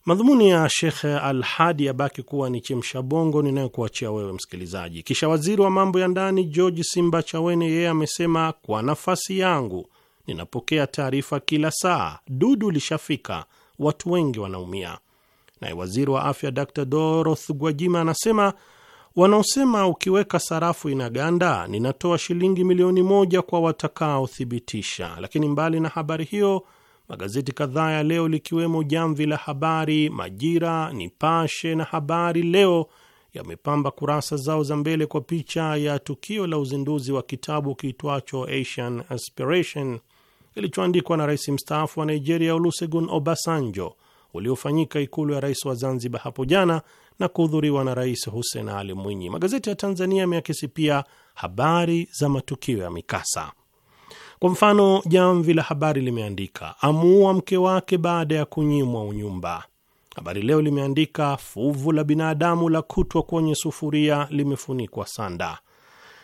Madhumuni ya Shekh Alhadi abaki kuwa ni chemsha bongo ninayokuachia wewe msikilizaji. Kisha waziri wa mambo ya ndani George Simba Chawene, yeye amesema kwa nafasi yangu ninapokea taarifa kila saa, dudu lishafika, watu wengi wanaumia. Naye waziri wa afya Dr Doroth Gwajima anasema wanaosema ukiweka sarafu inaganda, ninatoa shilingi milioni moja kwa watakaothibitisha. Lakini mbali na habari hiyo, magazeti kadhaa ya leo likiwemo Jamvi la Habari, Majira, Nipashe na Habari Leo yamepamba kurasa zao za mbele kwa picha ya tukio la uzinduzi wa kitabu kiitwacho Asian Aspiration kilichoandikwa na rais mstaafu wa Nigeria Olusegun Obasanjo uliofanyika ikulu ya rais wa Zanzibar hapo jana na kuhudhuriwa na Rais Hussein Ali Mwinyi. Magazeti ya Tanzania yameakisi pia habari za matukio ya mikasa. Kwa mfano, Jamvi la Habari limeandika amuua mke wake baada ya kunyimwa unyumba. Habari Leo limeandika fuvu la binadamu la kutwa kwenye sufuria limefunikwa sanda.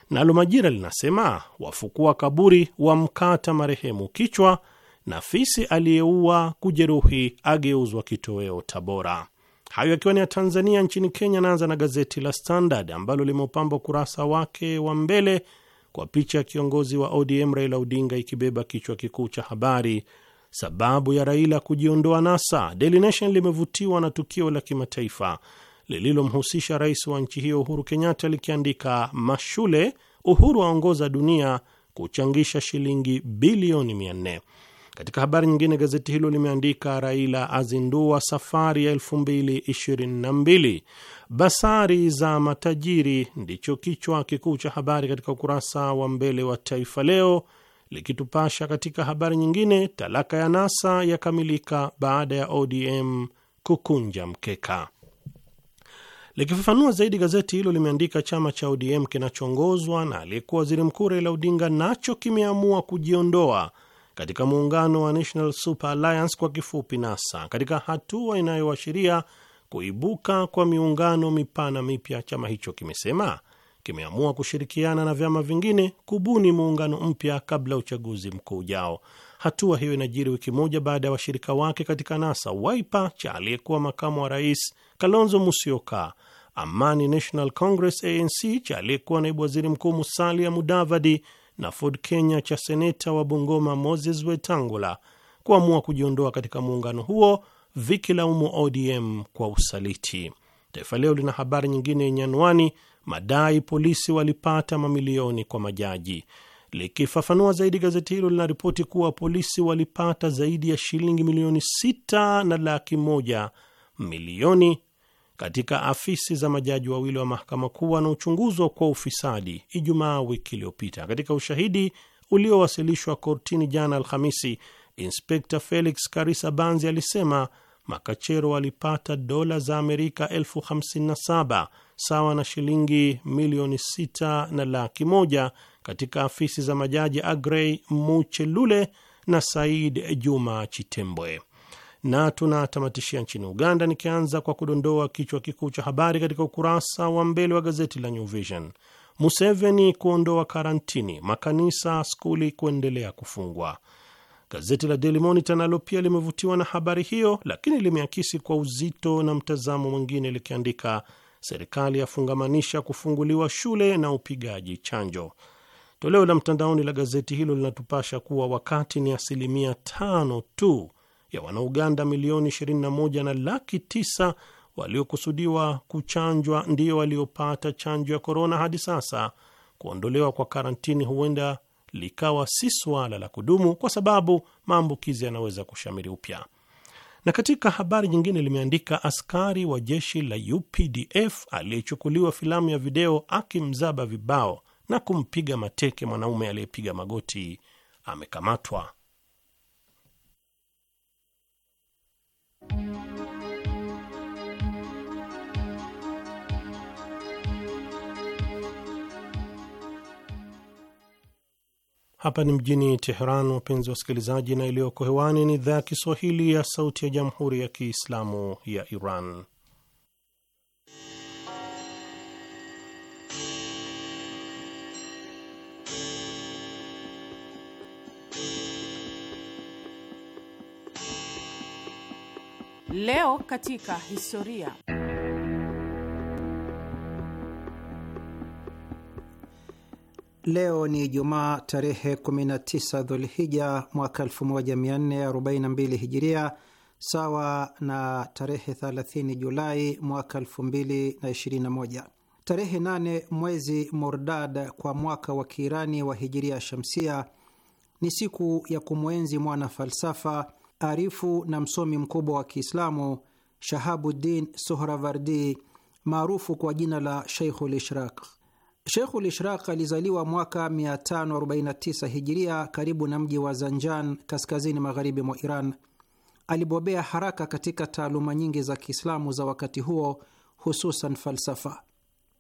Nalo Majira linasema wafukua kaburi wamkata marehemu kichwa na fisi aliyeua kujeruhi ageuzwa kitoweo Tabora. Hayo yakiwa ni ya Tanzania. Nchini Kenya, naanza na gazeti la Standard ambalo limeupamba ukurasa wake wa mbele kwa picha ya kiongozi wa ODM Raila Odinga ikibeba kichwa kikuu cha habari, sababu ya Raila kujiondoa NASA. Daily Nation limevutiwa na tukio la kimataifa lililomhusisha rais wa nchi hiyo Uhuru Kenyatta likiandika, mashule Uhuru aongoza dunia kuchangisha shilingi bilioni mia nne. Katika habari nyingine, gazeti hilo limeandika Raila azindua safari ya 2022 basari za matajiri, ndicho kichwa kikuu cha habari katika ukurasa wa mbele wa Taifa Leo, likitupasha katika habari nyingine, talaka ya NASA yakamilika baada ya ODM kukunja mkeka. Likifafanua zaidi, gazeti hilo limeandika chama cha ODM kinachoongozwa na aliyekuwa waziri mkuu Raila Odinga nacho kimeamua kujiondoa katika muungano wa National Super Alliance kwa kifupi NASA, katika hatua inayoashiria kuibuka kwa miungano mipana mipya, chama hicho kimesema kimeamua kushirikiana na vyama vingine kubuni muungano mpya kabla ya uchaguzi mkuu ujao. Hatua hiyo inajiri wiki moja baada ya washirika wake katika NASA, Wiper cha aliyekuwa makamu wa rais Kalonzo Musyoka, Amani National Congress ANC cha aliyekuwa naibu waziri mkuu Musalia Mudavadi na Ford Kenya cha seneta wa Bungoma Moses Wetangula kuamua kujiondoa katika muungano huo vikilaumu ODM kwa usaliti. Taifa Leo lina habari nyingine yenye anwani madai polisi walipata mamilioni kwa majaji. Likifafanua zaidi, gazeti hilo linaripoti kuwa polisi walipata zaidi ya shilingi milioni sita na laki moja milioni katika afisi za majaji wawili wa mahakama kuu wanaochunguzwa kwa ufisadi Ijumaa wiki iliyopita. Katika ushahidi uliowasilishwa kortini jana Alhamisi, Inspekta Felix Karisa Banzi alisema makachero walipata dola za Amerika elfu 57 sawa na shilingi milioni 6 na laki moja katika afisi za majaji Agrey Muchelule na Said Juma Chitembwe na tunatamatishia nchini Uganda, nikianza kwa kudondoa kichwa kikuu cha habari katika ukurasa wa mbele wa gazeti la New Vision: Museveni kuondoa karantini, makanisa, skuli kuendelea kufungwa. Gazeti la Daily Monitor nalo pia limevutiwa na habari hiyo, lakini limeakisi kwa uzito na mtazamo mwingine likiandika, serikali yafungamanisha kufunguliwa shule na upigaji chanjo. Toleo la mtandaoni la gazeti hilo linatupasha kuwa wakati ni asilimia tano tu ya Wanauganda milioni 21 na laki 9 waliokusudiwa kuchanjwa ndiyo waliopata chanjo ya korona hadi sasa. Kuondolewa kwa karantini huenda likawa si suala la kudumu, kwa sababu maambukizi yanaweza kushamiri upya. Na katika habari nyingine, limeandika askari wa jeshi la UPDF aliyechukuliwa filamu ya video akimzaba vibao na kumpiga mateke mwanaume aliyepiga magoti amekamatwa. Hapa ni mjini Teheran, wapenzi wa wasikilizaji, na iliyoko hewani ni idhaa ya Kiswahili ya Sauti ya Jamhuri ya Kiislamu ya Iran. Leo katika historia Leo ni Jumaa tarehe 19 Dhulhija mwaka 1442 Hijiria, sawa na tarehe 30 Julai mwaka 2021. Tarehe 8 mwezi Mordad kwa mwaka wa Kiirani wa Hijiria Shamsia ni siku ya kumwenzi mwana falsafa arifu na msomi mkubwa wa Kiislamu Shahabuddin Sohravardi maarufu kwa jina la Sheikhul Ishraq. Sheikhul Ishraq alizaliwa mwaka 549 hijiria karibu na mji wa Zanjan kaskazini magharibi mwa Iran. Alibobea haraka katika taaluma nyingi za Kiislamu za wakati huo, hususan falsafa.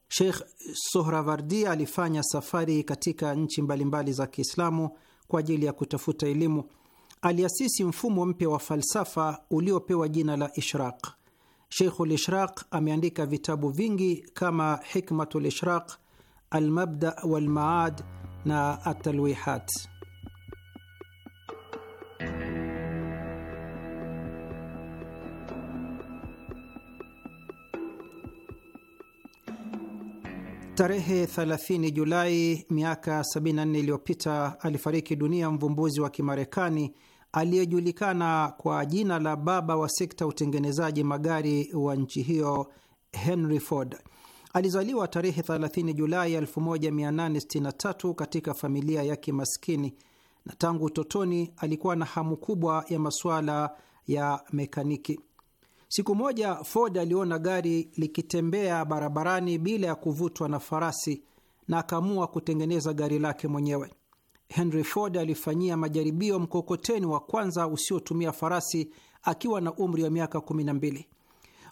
Sheikh Sohravardi alifanya safari katika nchi mbalimbali za Kiislamu kwa ajili ya kutafuta elimu. Aliasisi mfumo mpya wa falsafa uliopewa jina la Ishraq. Sheikhul Ishraq ameandika vitabu vingi kama Hikmatul Ishraq Almabda Walmaad na Atalwihat. Tarehe 30 Julai miaka 74 iliyopita alifariki dunia mvumbuzi wa Kimarekani aliyejulikana kwa jina la baba wa sekta utengenezaji magari wa nchi hiyo Henry Ford. Alizaliwa tarehe 30 Julai 1863 katika familia ya kimaskini na tangu utotoni alikuwa na hamu kubwa ya masuala ya mekaniki. Siku moja Ford aliona gari likitembea barabarani bila ya kuvutwa na farasi na akaamua kutengeneza gari lake mwenyewe. Henry Ford alifanyia majaribio mkokoteni wa kwanza usiotumia farasi akiwa na umri wa miaka 12.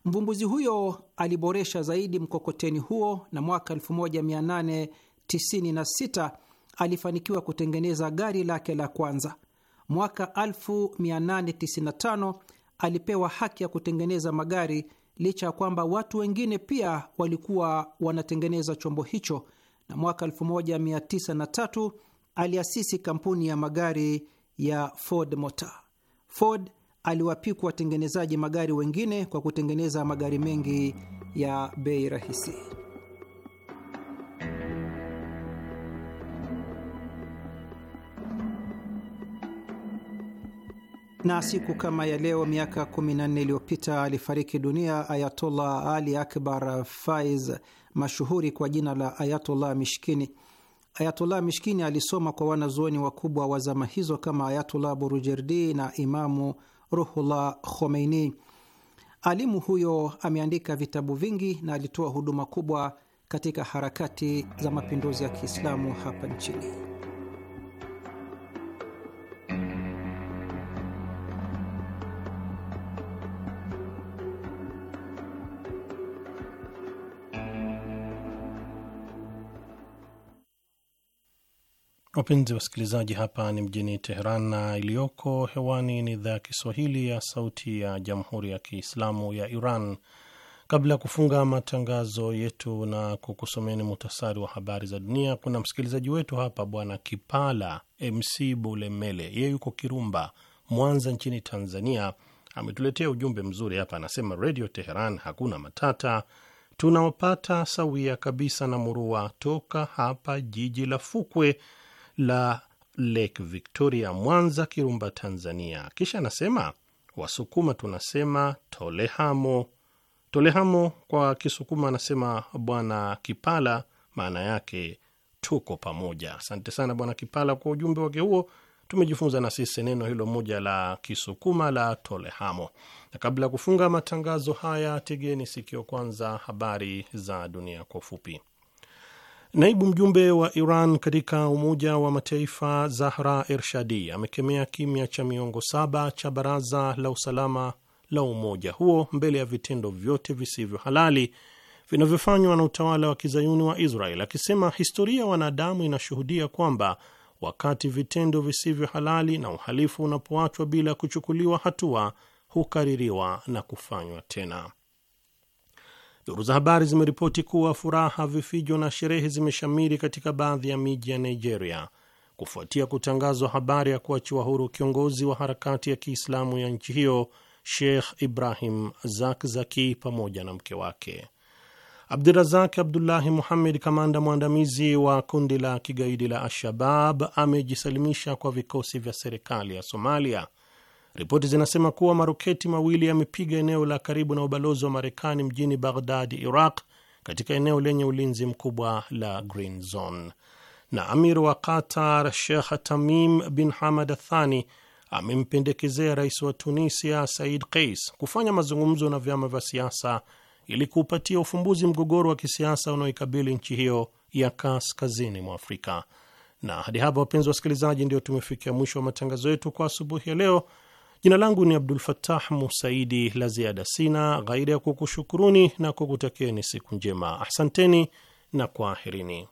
Mvumbuzi huyo aliboresha zaidi mkokoteni huo na mwaka 1896 alifanikiwa kutengeneza gari lake la kwanza. Mwaka 1895 alipewa haki ya kutengeneza magari licha ya kwamba watu wengine pia walikuwa wanatengeneza chombo hicho, na mwaka 1903 aliasisi kampuni ya magari ya Ford Motor. Ford aliwapiku watengenezaji magari wengine kwa kutengeneza magari mengi ya bei rahisi. Na siku kama ya leo miaka 14 iliyopita alifariki dunia Ayatollah Ali Akbar Faiz, mashuhuri kwa jina la Ayatollah Mishkini. Ayatollah Mishkini alisoma kwa wanazuoni wakubwa wa zama hizo kama Ayatollah Burujerdi na Imamu Ruhullah Khomeini. Alimu huyo ameandika vitabu vingi na alitoa huduma kubwa katika harakati za mapinduzi ya Kiislamu hapa nchini. Wapenzi wasikilizaji, hapa ni mjini Teheran na iliyoko hewani ni idhaa ya Kiswahili ya Sauti ya Jamhuri ya Kiislamu ya Iran. Kabla ya kufunga matangazo yetu na kukusomeni muhtasari wa habari za dunia, kuna msikilizaji wetu hapa Bwana Kipala MC Bulemele, yeye yuko Kirumba, Mwanza nchini Tanzania. Ametuletea ujumbe mzuri hapa, anasema Redio Teheran hakuna matata, tunaopata sawia kabisa na murua toka hapa jiji la fukwe la Lake Victoria, Mwanza, Kirumba, Tanzania. Kisha anasema Wasukuma tunasema tolehamo, tolehamo kwa Kisukuma anasema Bwana Kipala, maana yake tuko pamoja. Asante sana Bwana Kipala kwa ujumbe wake huo. Tumejifunza na sisi neno hilo moja la Kisukuma la tolehamo. Na kabla ya kufunga matangazo haya, tegeni sikio kwanza habari za dunia kwa ufupi. Naibu mjumbe wa Iran katika Umoja wa Mataifa Zahra Ershadi amekemea kimya cha miongo saba cha Baraza la Usalama la umoja huo mbele ya vitendo vyote visivyo halali vinavyofanywa na utawala wa kizayuni wa Israel, akisema historia ya wanadamu inashuhudia kwamba wakati vitendo visivyo halali na uhalifu unapoachwa bila kuchukuliwa hatua hukaririwa na kufanywa tena. Duru za habari zimeripoti kuwa furaha, vifijo na sherehe zimeshamiri katika baadhi ya miji ya Nigeria kufuatia kutangazwa habari ya kuachiwa huru kiongozi wa harakati ya Kiislamu ya nchi hiyo Sheikh Ibrahim Zakzaki pamoja na mke wake Abdurazak Abdullahi Muhammed, kamanda mwandamizi wa kundi la kigaidi la Al-Shabab amejisalimisha kwa vikosi vya serikali ya Somalia Ripoti zinasema kuwa maroketi mawili yamepiga eneo la karibu na ubalozi wa Marekani mjini Baghdad, Iraq, katika eneo lenye ulinzi mkubwa la Green Zone. Na amir wa Qatar Shekh Tamim bin Hamad Athani amempendekezea rais wa Tunisia Said Kais kufanya mazungumzo na vyama vya siasa ili kuupatia ufumbuzi mgogoro wa kisiasa unaoikabili nchi hiyo ya kaskazini mwa Afrika. Na hadi hapa, wapenzi wasikilizaji, ndio tumefikia mwisho wa matangazo yetu kwa asubuhi ya leo. Jina langu ni Abdul Fatah Musaidi. La ziada sina ghairi ya kukushukuruni na kukutakieni siku njema. Asanteni na kwaherini.